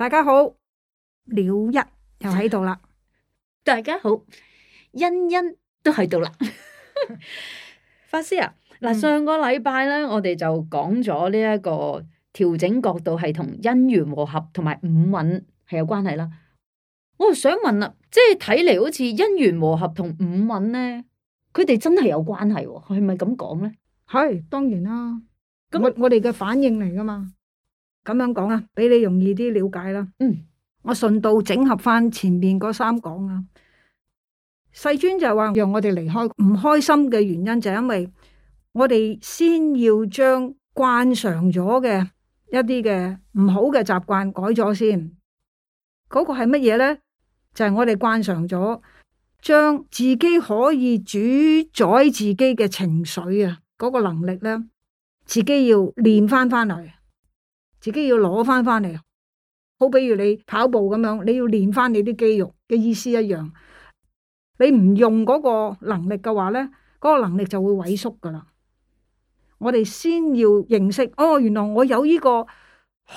大家好，了一又喺度啦。大家好，欣欣都喺度啦。法師啊，嗱，上個禮拜咧，我哋就講咗呢一個調整角度係同姻緣和合同埋五運係有關係啦。我就想問啦，即係睇嚟，好似姻緣和合同五運咧，佢哋真係有關係喎？係咪咁講咧？係。當然啦，我我哋嘅反應嚟噶嘛。咁樣講啊，俾你容易啲了解啦。嗯，我順道整合翻前面嗰三講啊。世尊就話讓我哋離開唔開心嘅原因，就係因為我哋先要將慣常咗嘅一啲嘅唔好嘅習慣改咗先。嗰、那個係乜嘢咧？就係、是、我哋慣常咗，將自己可以主宰自己嘅情緒啊，嗰、那個能力咧，自己要練翻翻嚟。自己要攞翻翻嚟，好比如你跑步咁樣，你要練翻你啲肌肉嘅意思一樣。你唔用嗰個能力嘅話咧，嗰、嗰個能力就會萎縮噶啦。我哋先要認識哦，原來我有呢個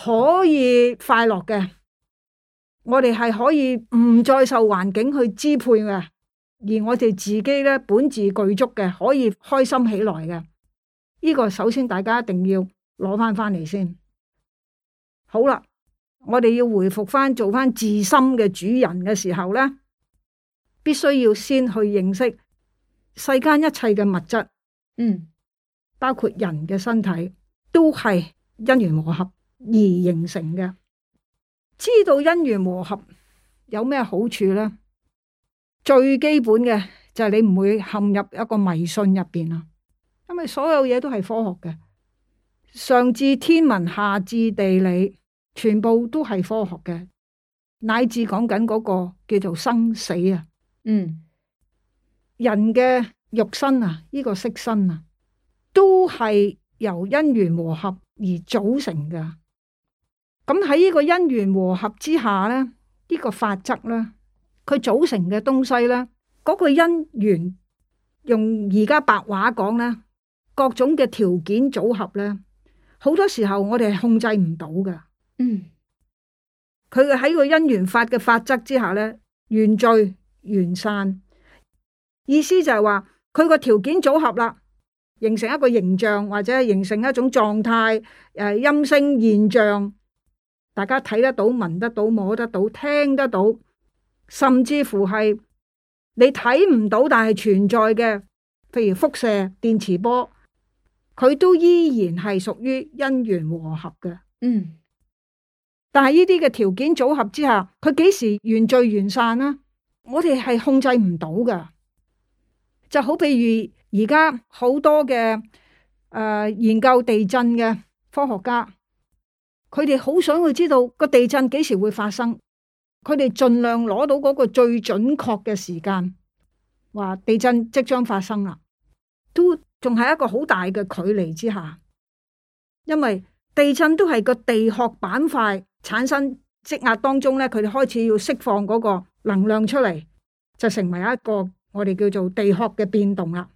可以快樂嘅，我哋係可以唔再受環境去支配嘅，而我哋自己咧本自具足嘅，可以開心起來嘅。呢、呢個首先大家一定要攞翻翻嚟先。好啦，我哋要回復翻做翻自心嘅主人嘅時候咧，必須要先去認識世間一切嘅物質，嗯，包括人嘅身體都係因緣和合而形成嘅。知道因緣和合有咩好處咧？最基本嘅就係你唔會陷入一個迷信入邊啦，因為所有嘢都係科學嘅，上至天文，下至地理。全部都係科學嘅，乃至講緊嗰個叫做生死啊，嗯，人嘅肉身啊，呢個色身啊，都係由因緣和合而組成嘅。咁喺呢個因緣和合之下咧，呢個法則咧，佢組成嘅東西咧，嗰個因緣，用而家白話講咧，各種嘅條件組合咧，好多時候我哋係控制唔到噶。嗯，佢嘅喺個因緣法嘅法則之下咧，緣聚緣散，意思就係話佢個條件組合啦，形成一個形象或者形成一種狀態，誒、呃，音聲現象，大家睇得到、聞得到、摸得到、聽得到，甚至乎係你睇唔到但係存在嘅，譬如輻射、電磁波，佢都依然係屬於因緣和合嘅。嗯。但係呢啲嘅條件組合之下，佢幾時完聚完散呢？我哋係控制唔到噶。就好比如而家好多嘅誒、呃、研究地震嘅科學家，佢哋好想去知道個地震幾時會發生，佢哋盡量攞到嗰個最準確嘅時間，話地震即將發生啦，都仲係一個好大嘅距離之下，因為地震都係個地殼板塊。產生積壓當中咧，佢哋開始要釋放嗰個能量出嚟，就成為一個我哋叫做地殼嘅變動啦。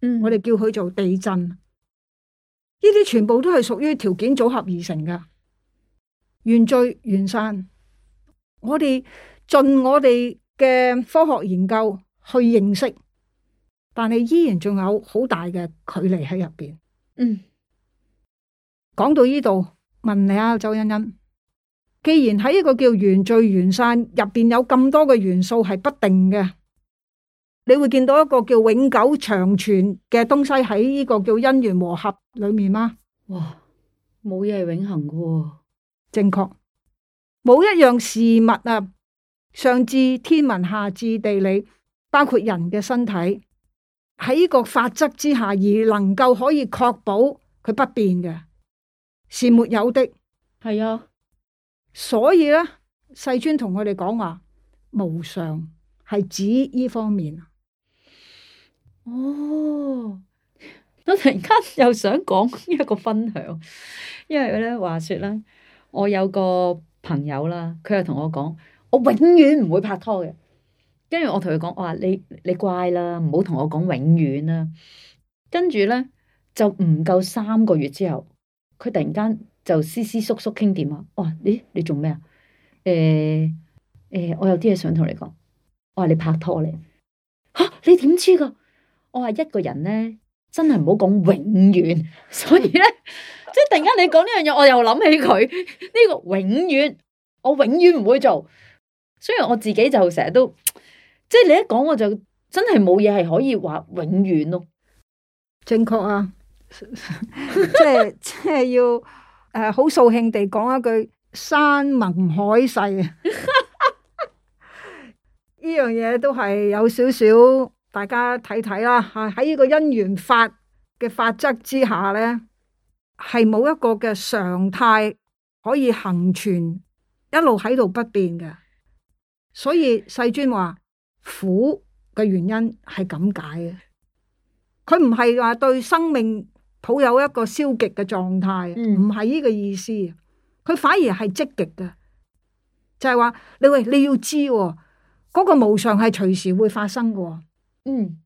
嗯，我哋叫佢做地震。呢啲全部都係屬於條件組合而成噶，原聚原散。我哋盡我哋嘅科學研究去認識，但係依然仲有好大嘅距離喺入邊。嗯，講到呢度，問你啊，周恩恩。既然喺一個叫緣聚緣散入邊有咁多嘅元素係不定嘅，你會見到一個叫永久長存嘅東西喺呢個叫因緣和合裏面嗎？哇，冇嘢係永恆嘅，正確，冇一樣事物啊，上至天文下至地理，包括人嘅身體，喺呢個法則之下而能夠可以確保佢不變嘅，是沒有的。係啊。所以咧，世尊同佢哋講話無常係指呢方面。哦，我突然間又想講一個分享，因為咧，話說咧，我有個朋友啦，佢又同我講，我永遠唔會拍拖嘅。跟住我同佢講，我話你你乖啦，唔好同我講永遠啦。跟住咧，就唔夠三個月之後，佢突然間。就思思叔叔傾點啊！哇、哦！咦？你做咩啊？誒、欸、誒、欸，我有啲嘢想同你講。我話你拍拖咧嚇、啊！你點知噶？我話一個人咧，真係唔好講永遠。所以咧，即係突然間你講呢樣嘢，我又諗起佢呢、呢個永遠，我永遠唔會做。所以我自己就成日都即係你一講，我就真係冇嘢係可以話永遠咯。正確啊！即係即係要。係好掃興地講一句山盟海誓，呢 樣嘢都係有少少，大家睇睇啦。吓喺呢個因緣法嘅法則之下咧，係冇一個嘅常態可以恒存，一路喺度不變嘅。所以世尊話苦嘅原因係咁解嘅，佢唔係話對生命。好有一個消極嘅狀態，唔係呢個意思，佢反而係積極嘅，就係話你喂，你要知嗰個無常係隨時會發生嘅。嗯，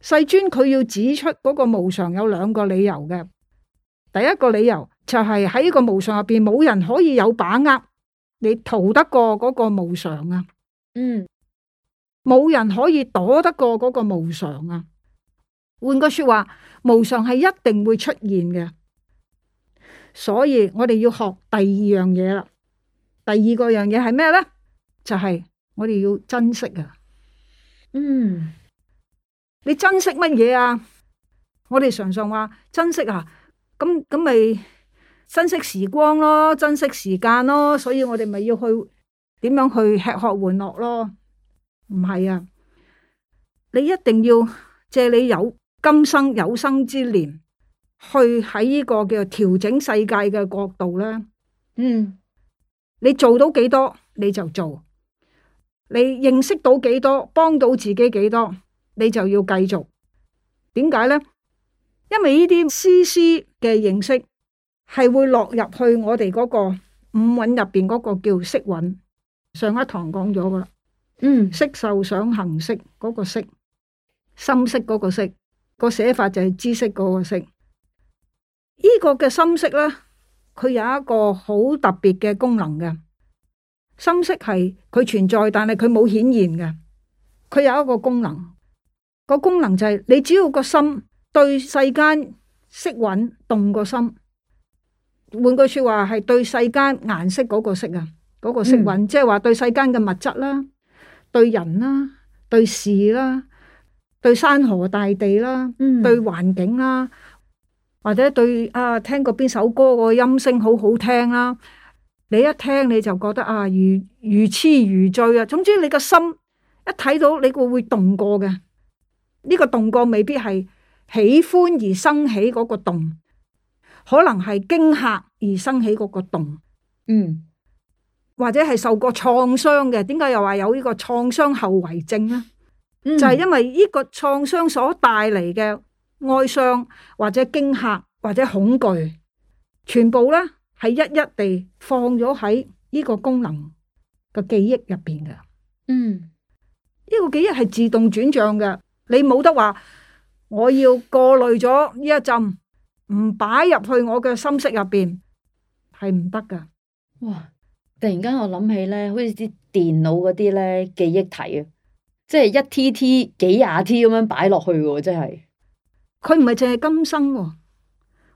世尊佢要指出嗰個無常有兩個理由嘅，第一個理由就係喺呢個無常入邊冇人可以有把握，你逃得過嗰個無常啊。嗯，冇人可以躲得過嗰個無常啊。換句說話，無常係一定會出現嘅，所以我哋要學第二樣嘢啦。第二個樣嘢係咩咧？就係、是、我哋要珍惜啊。嗯，你珍惜乜嘢啊？我哋常常話珍惜啊，咁咁咪珍惜時光咯，珍惜時間咯，所以我哋咪要去點樣去吃喝玩樂咯。唔係啊，你一定要借你有，今生有生之年，去喺呢個叫調整世界嘅角度咧，嗯，你做到幾多你就做，你認識到幾多幫到自己幾多，你就要繼續。點解咧？因為呢啲絲絲嘅認識係會落入去我哋嗰個五蘊入邊嗰個叫色蘊。上一堂講咗噶啦，嗯，色受想行識嗰個色，深色嗰個色。個寫法就係知識嗰個識，呢個嘅心識啦，佢有一個好特別嘅功能嘅。心識係佢存在，但係佢冇顯現嘅。佢有一個功能，個功能就係你只要個心對世間色蘊動個心，換句說話係對世間顏色嗰個色啊，嗰個色蘊，即係話對世間嘅物質啦，對人啦，對事啦。對山河大地啦，對環境啦，或者對啊，聽過邊首歌個音聲好好聽啦，你一聽你就覺得啊，如如痴如醉啊。總之你個心一睇到你會會動過嘅，呢、這個動過未必係喜歡而生起嗰個動，可能係驚嚇而生起嗰個動，嗯，或者係受過創傷嘅，點解又話有個創傷呢個創傷後遺症咧？就係因為呢個創傷所帶嚟嘅哀傷或者驚嚇或者恐懼，全部咧係一一地放咗喺呢個功能嘅記憶入邊嘅。嗯，呢個記憶係自動轉賬嘅，你冇得話我要過濾咗呢一浸，唔擺入去我嘅心識入邊係唔得噶。哇！突然間我諗起咧，好似啲電腦嗰啲咧記憶體啊。即係一 T T 幾廿 T 咁樣擺落去嘅，真係佢唔係淨係今生，哦。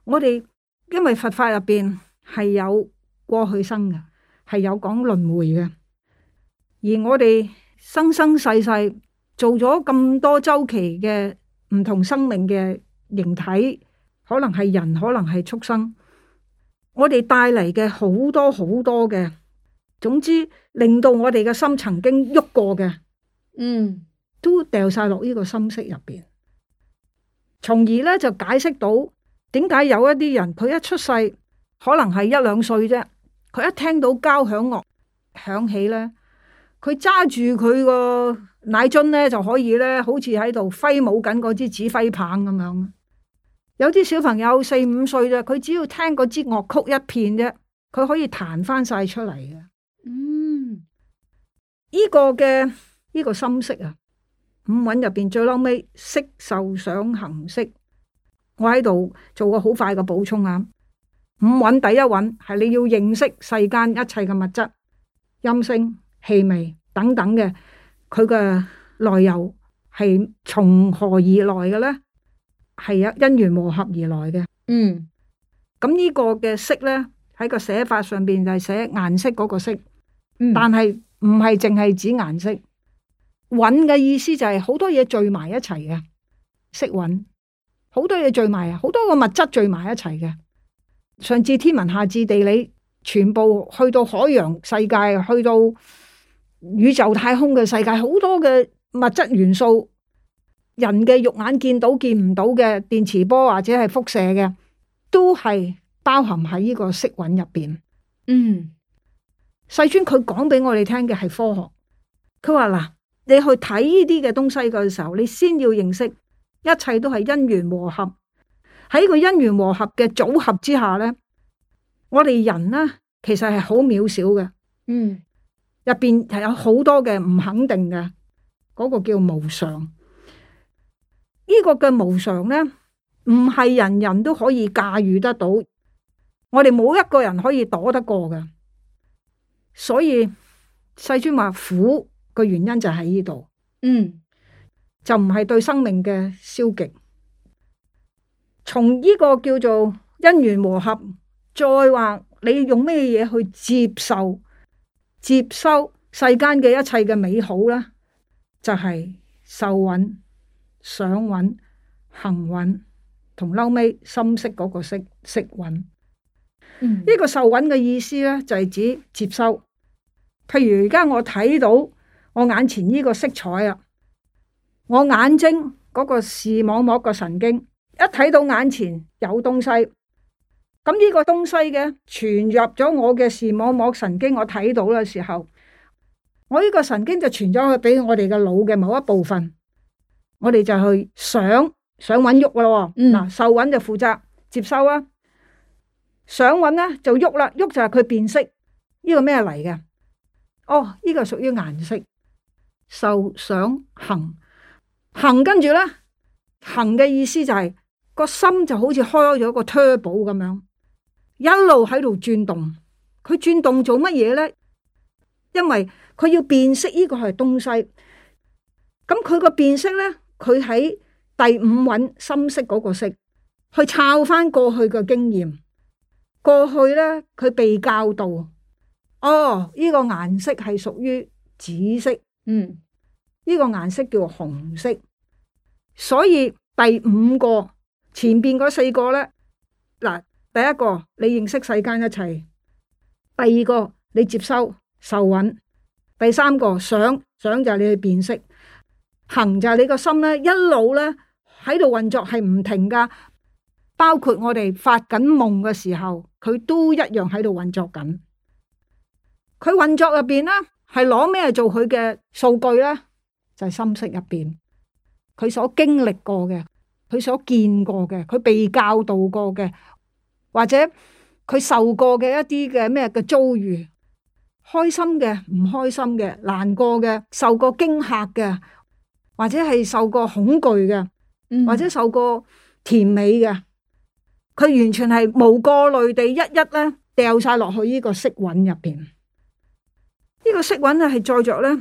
我哋因為佛法入邊係有過去生嘅，係有講輪回嘅。而我哋生生世世做咗咁多周期嘅唔同生命嘅形體，可能係人，可能係畜生。我哋帶嚟嘅好多好多嘅，總之令到我哋嘅心曾經喐過嘅。嗯，都掉晒落呢個心識入邊，從而咧就解釋到點解有一啲人，佢一出世可能係一兩歲啫，佢一聽到交響樂響起咧，佢揸住佢個奶樽咧就可以咧，好似喺度揮舞緊嗰支指揮棒咁樣。有啲小朋友四五歲啫，佢只要聽嗰支樂曲一片啫，佢可以彈翻晒出嚟嘅。嗯，呢個嘅。呢個深色啊，五蘊入邊最嬲尾，色受想行識，我喺度做個好快嘅補充啊。五蘊第一蘊係你要認識世間一切嘅物質、音聲、氣味等等嘅，佢嘅來由係從何而來嘅咧？係啊，因緣磨合而來嘅。嗯，咁呢個嘅色咧喺個寫法上邊就係寫顏色嗰個色，但係唔係淨係指顏色。蘊嘅意思就係好多嘢聚埋一齊嘅，色蘊，好多嘢聚埋，好多個物質聚埋一齊嘅，上至天文下至地理，全部去到海洋世界，去到宇宙太空嘅世界，好多嘅物質元素，人嘅肉眼見到見唔到嘅電磁波或者係輻射嘅，都係包含喺呢個色蘊入邊。嗯，世尊佢講俾我哋聽嘅係科學，佢話嗱。你去睇呢啲嘅東西嘅時候，你先要認識，一切都係因緣和合。喺個因緣和合嘅組合之下咧，我哋人咧其實係好渺小嘅。嗯，入邊係有好多嘅唔肯定嘅，嗰、那個叫無常。呢、這個嘅無常咧，唔係人人都可以駕馭得到。我哋冇一個人可以躲得過嘅，所以世尊話苦。個原因就喺呢度，嗯，就唔係對生命嘅消極。從呢個叫做因緣和合，再話你用咩嘢去接受、接收世間嘅一切嘅美好咧，就係、是、受蘊、想蘊、行蘊同後尾心識嗰個識。識蘊。呢、嗯、個受蘊嘅意思咧，就係、是、指接收。譬如而家我睇到。我眼前呢個色彩啊，我眼睛嗰個視網膜個神經一睇到眼前有東西，咁呢個東西嘅傳入咗我嘅視網膜神經，我睇到嘅時候，我呢個神經就傳咗去俾我哋嘅腦嘅某一部分，我哋就去想想揾喐啦，嗱受揾就負責接收啊，想揾咧、嗯、就喐啦，喐就係佢辨識。呢個咩嚟嘅？哦呢個屬於顏色。受想行行跟住咧，行嘅意思就係、是、個心就好似開咗個 turbo 咁樣，一路喺度轉動。佢轉動做乜嘢咧？因為佢要辨識呢個係東西。咁佢個辨識咧，佢喺第五蘊深色嗰個色，去抄返過去嘅經驗。過去咧，佢被教導，哦，呢、這個顏色係屬於紫色。嗯。呢個顏色叫紅色，所以第五個前邊嗰四個咧，嗱第一個你認識世間一切，第二個你接收受蘊，第三個想想就係你去辨識，行就係你個心咧一路咧喺度運作係唔停噶，包括我哋發緊夢嘅時候，佢都一樣喺度運作緊，佢運作入邊咧係攞咩做佢嘅數據咧？就心識入邊，佢所經歷過嘅，佢所見過嘅，佢被教導過嘅，或者佢受過嘅一啲嘅咩嘅遭遇，開心嘅、唔開心嘅、難過嘅、受過驚嚇嘅，或者係受過恐懼嘅，或者受過甜美嘅，佢完全係無過濾地一一咧掉晒落去呢個色蘊入邊。呢個色蘊啊，係載着咧。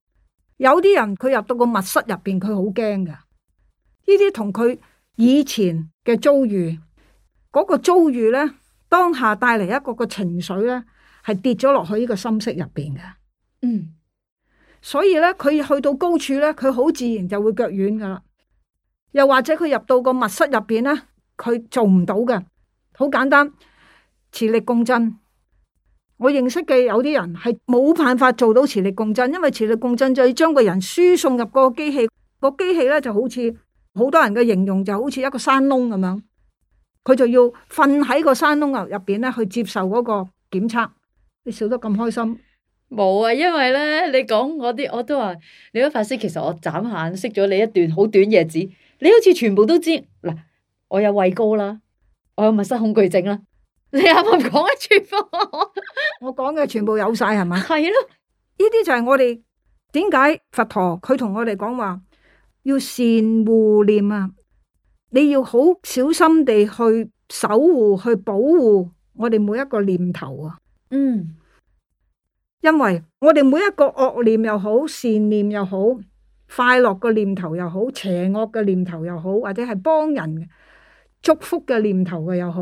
有啲人佢入到個密室入邊，佢好驚噶。呢啲同佢以前嘅遭遇嗰、嗰個遭遇咧，當下帶嚟一個情緒，呢個情緒咧，係跌咗落去呢個心識入邊嘅。嗯，所以咧，佢去到高處咧，佢好自然就會腳軟噶啦。又或者佢入到個密室入邊咧，佢做唔到嘅。好簡單，磁力共振。我認識嘅有啲人係冇辦法做到磁力共振，因為磁力共振就要將個人輸送入個機器，個機器咧就好似好多人嘅形容就好似一個山窿咁樣，佢就要瞓喺個山窿入邊咧去接受嗰個檢測。你笑得咁開心，冇啊！因為咧，你講我啲我都話，你都法師，其實我眨下眼識咗你一段好短嘅日子，你好似全部都知。嗱，我有畏高啦，我有密室恐懼症啦。你有冇講一全部？ 我講嘅全部有晒係嘛？係咯，呢啲的就係我哋點解佛陀佢同我哋講話要善護念啊！你要好小心地去守護、去保護我哋每一個念頭啊！嗯，因為我哋每一個惡念又好，善念又好，快樂嘅念頭又好，邪惡嘅念頭又好，或者係幫人祝福嘅念頭嘅又好。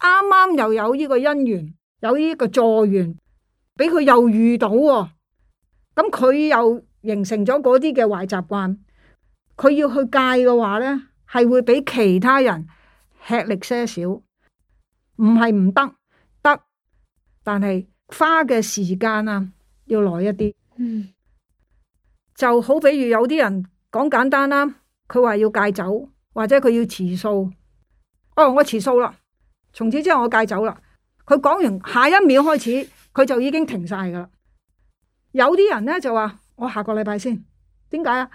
啱啱又有呢個姻緣，有呢個助緣，俾佢又遇到喎，哦，咁佢又形成咗嗰啲嘅壞習慣，佢要去戒嘅話咧，係會比其他人吃力些少，唔係唔得，得，但係花嘅時間啊，要耐一啲。嗯，就好比如有啲人講簡單啦，啊，佢話要戒酒，或者佢要持素，哦，我持素啦。從此之後，我戒酒啦。佢講完下一秒開始，佢就已經停晒噶啦。有啲人咧就話：我下個禮拜先。點解啊？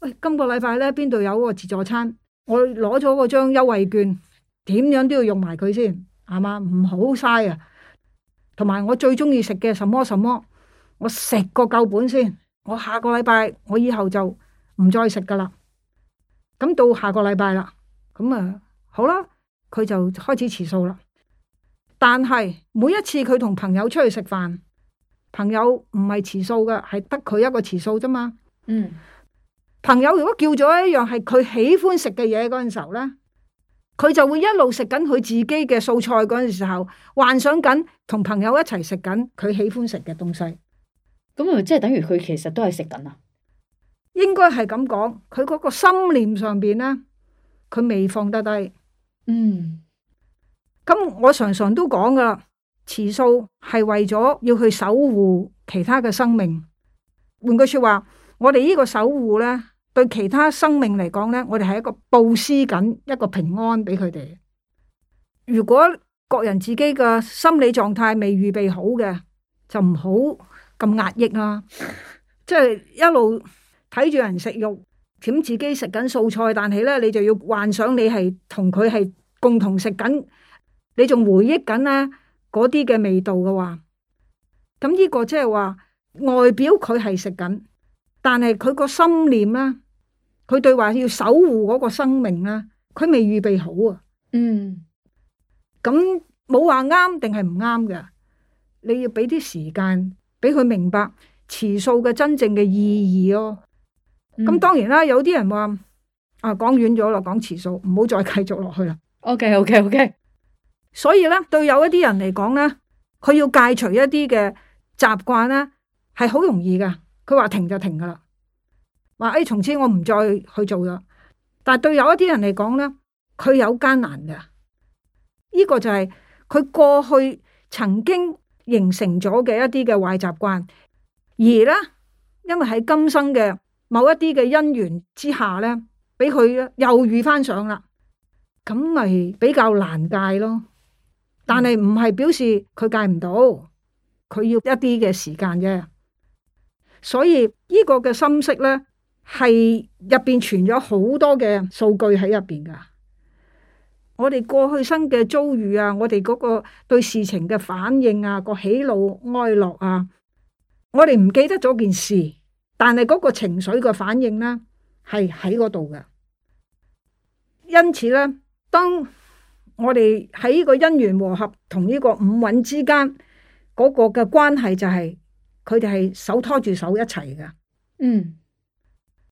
喂、哎，今個禮拜咧邊度有個自助餐，我攞咗個張優惠券，點樣都要用埋佢先，係嘛？唔好嘥啊！同埋我最中意食嘅什麼什麼，我食個夠本先。我下個禮拜，我以後就唔再食噶啦。咁到下個禮拜啦，咁啊好啦。佢就開始持素啦，但係每一次佢同朋友出去食飯，朋友唔係持素嘅，係得佢一個持素啫嘛。嗯，朋友如果叫咗一樣係佢喜歡食嘅嘢嗰陣時候咧，佢就會一路食緊佢自己嘅素菜嗰陣時候，幻想緊同朋友一齊食緊佢喜歡食嘅東西。咁啊、嗯，即係等於佢其實都係食緊啊。應該係咁講，佢嗰個心念上邊咧，佢未放得低。嗯，咁我常常都講噶啦，持素係為咗要去守護其他嘅生命。換句說話，我哋呢個守護咧，對其他生命嚟講咧，我哋係一個布施緊一個平安俾佢哋。如果各人自己嘅心理狀態未預備好嘅，就唔好咁壓抑啦，啊，即係一路睇住人食肉。咁自己食緊素菜，但係咧你就要幻想你係同佢係共同食緊，你仲回憶緊咧嗰啲嘅味道嘅話，咁呢個即係話外表佢係食緊，但係佢個心念咧，佢對話要守護嗰個生命啦，佢未預備好啊。嗯，咁冇話啱定係唔啱嘅，你要俾啲時間俾佢明白持素嘅真正嘅意義哦。咁、嗯、當然啦，有啲人話啊講遠咗啦，講遲數唔好再繼續落去啦。O K O K O K，所以咧對有一啲人嚟講咧，佢要戒除一啲嘅習慣咧，係好容易噶。佢話停就停噶啦，話誒從此我唔再去做啦。但係對有一啲人嚟講咧，佢有艱難嘅。呢、這個就係佢過去曾經形成咗嘅一啲嘅壞習慣，而咧因為喺今生嘅。某一啲嘅因緣之下咧，俾佢又遇翻上啦，咁咪比較難戒咯。但係唔係表示佢戒唔到，佢要一啲嘅時間啫。所以、這個、呢個嘅心識咧，係入邊存咗好多嘅數據喺入邊噶。我哋過去生嘅遭遇啊，我哋嗰個對事情嘅反應啊，個喜怒哀樂啊，我哋唔記得咗件事。但係嗰個情緒嘅反應咧，係喺嗰度噶。因此咧，當我哋喺呢個因緣和合同呢個五蘊之間嗰個嘅關係，就係佢哋係手拖住手一齊噶。嗯。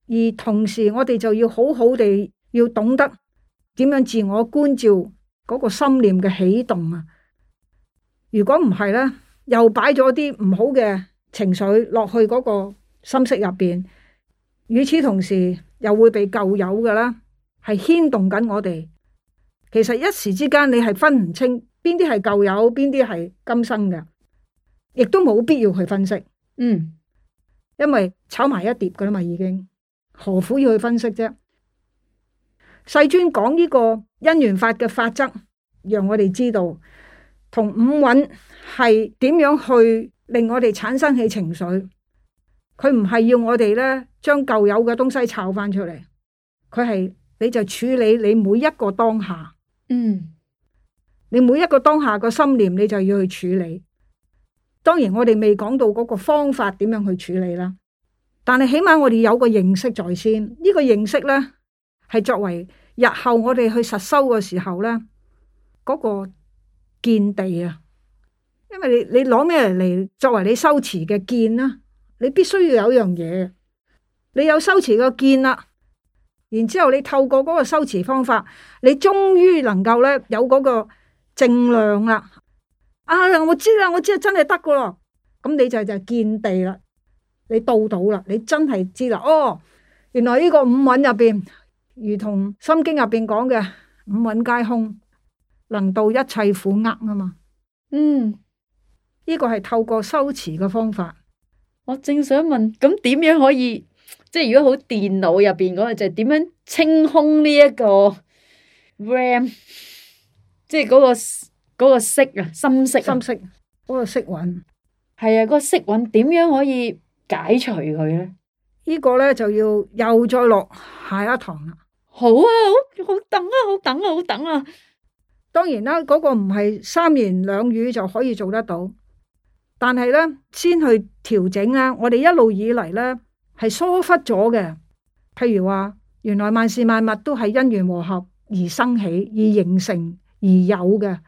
而同時，我哋就要好好地要懂得點樣自我觀照嗰個心念嘅起動啊。如果唔係咧，又擺咗啲唔好嘅情緒落去嗰個。心識入邊，與此同時又會被舊友噶啦，係牽動緊我哋。其實一時之間你係分唔清邊啲係舊友，邊啲係今生嘅，亦都冇必要去分析。嗯，因為炒埋一碟噶啦嘛，已經何苦要去分析啫？世尊講呢個因緣法嘅法則，讓我哋知道同五蘊係點樣去令我哋產生起情緒。佢唔係要我哋咧，將舊有嘅東西抄翻出嚟佢係你就處理你每一個當下。嗯，你每一個當下個心念，你就要去處理。當然，我哋未講到嗰個方法點樣去處理啦。但係起碼我哋有個認識在先，呢、這個認識咧係作為日後我哋去實修嘅時候咧嗰、那個見地啊。因為你你攞咩嚟作為你修持嘅見啊。你必須要有樣嘢，你有修持個見啦，然之後你透過嗰個修持方法，你終於能夠咧有嗰個正量啦。啊，我知啦，我知，我知真係得噶咯。咁你就就見地啦，你到到啦，你真係知啦。哦，原來呢個五蘊入邊，如同心經入邊講嘅五蘊皆空，能度一切苦厄啊嘛。嗯，呢個係透過修持嘅方法。我正想問，咁點樣可以即係如果好電腦入邊嗰個就點樣清空呢一個 RAM，即係嗰個嗰個色啊，深色啊，嗰個色蘊，係啊，嗰個色蘊點樣可以解除佢咧？呢個咧就要又再落下一堂啦。好啊，好好等啊，好等啊，好等啊。當然啦，嗰個唔係三言兩語就可以做得到。但係咧，先去調整啦。我哋一路以嚟咧，係疏忽咗嘅。譬如話，原來萬事萬物都係因緣和合而生起，而形成而有嘅。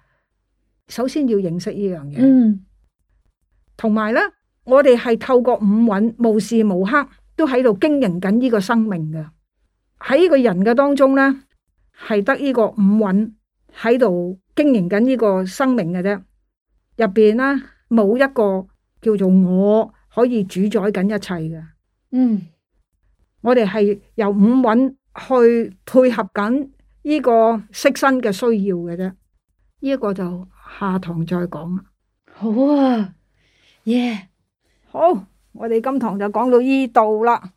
首先要認識呢樣嘢。嗯。同埋咧，我哋係透過五蘊，無時無刻都喺度經營緊呢個生命嘅。喺呢個人嘅當中咧，係得呢個五蘊喺度經營緊呢個生命嘅啫。入邊啦。冇一個叫做我可以主宰緊一切嘅，嗯，我哋係由五蘊去配合緊呢個色身嘅需要嘅啫，呢、這、一個就下堂再講啦。好啊，耶、yeah.，好，我哋今堂就講到呢度啦。